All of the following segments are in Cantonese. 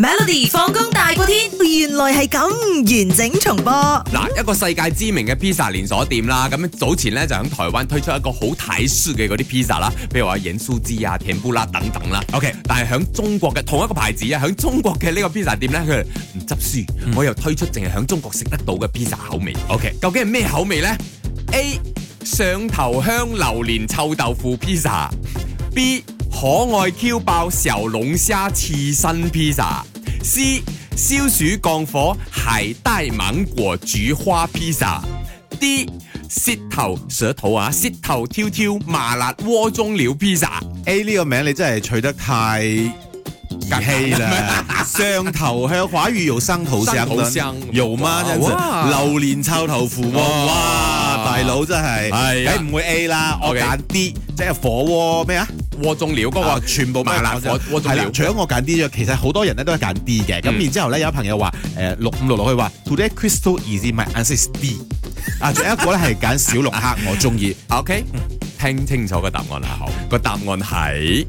Melody 放工大過天，原來係咁完整重播。嗱，一個世界知名嘅披薩連鎖店啦，咁早前咧就喺台灣推出一個好台式嘅嗰啲披薩啦，譬如話鹽酥雞啊、甜不辣等等啦。OK，但係喺中國嘅同一個牌子啊，喺中國嘅呢個披薩店咧，佢唔執輸，我又推出淨係喺中國食得到嘅披薩口味。OK，究竟係咩口味咧？A 上頭香榴蓮臭豆腐披薩，B 可愛 Q 爆小龍蝦刺身披薩。C 消暑降火海帶芒果菊花披薩，D 頭舌頭蛇、啊、肚，啊舌頭挑挑麻辣鍋中料披薩，A 呢個名你真係取得太激氣啦！ 上頭向海魚油生好生、嗯、有嗎？哇真是榴蓮臭豆腐哇！大佬真係，梗唔、嗯、會 A 啦，Okay 我揀 D，即係火鍋咩啊？鍋中鳥嗰、那個、啊、全部麻甩辣我，係啦，了除咗我揀 D 啫。其實好多人咧都係揀 D 嘅。咁、嗯、然之後咧，有朋友話誒六五六六佢話 Today crystal easy my answer is D。 啊，仲有一個咧係揀小龍蝦， 我中意。OK，聽清楚個答案啦，好，個答案係。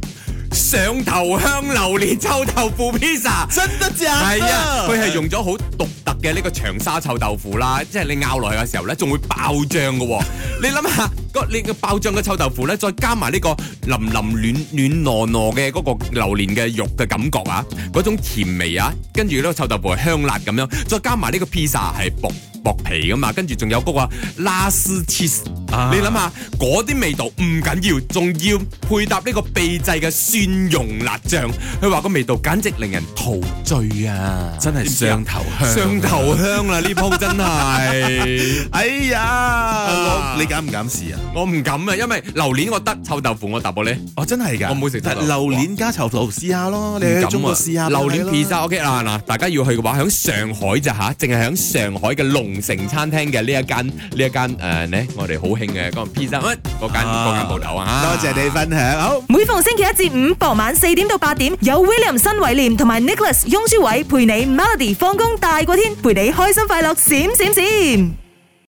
上頭香榴蓮臭豆腐披薩真得正，係啊！佢係用咗好獨特嘅呢個長沙臭豆腐啦，即係你咬落去嘅時候咧，仲會爆漿嘅、哦。 你諗下個你個爆漿嘅臭豆腐咧，再加埋呢個淋淋暖暖糯糯嘅嗰個榴蓮嘅肉嘅感覺啊，嗰種甜味啊，跟住呢個臭豆腐係香辣咁樣，再加埋呢個披薩係薄。薄皮㗎嘛，跟住仲有嗰個拉絲芝士，啊、你諗下嗰啲味道唔緊要，仲要配搭呢個秘製嘅蒜蓉辣醬，佢話個味道簡直令人陶醉啊！真係雙頭香，雙頭香啊。呢鋪 真係， 哎呀～你敢唔敢試啊？我唔敢啊，因為榴蓮我得，臭豆腐我答玻璃。哦，真係噶，我唔會食。但榴蓮加臭豆腐哇試下咯，你去中國唔敢、啊、試下榴蓮 pizza。OK 啦，嗱，大家要去嘅話，喺上海啫吓？淨係喺上海嘅龍城餐廳嘅呢一間呢一間誒咧、呃，我哋好興嘅嗰個 pizza 嗰間嗰、哦、間鋪頭啊！多謝你分享。好，每逢星期一至五傍晚四點到八點，有 William 新廉有 olas, 偉廉同埋 Nicholas 雍舒偉陪你 Melody 放工大過天，陪你開心快樂閃,閃閃閃。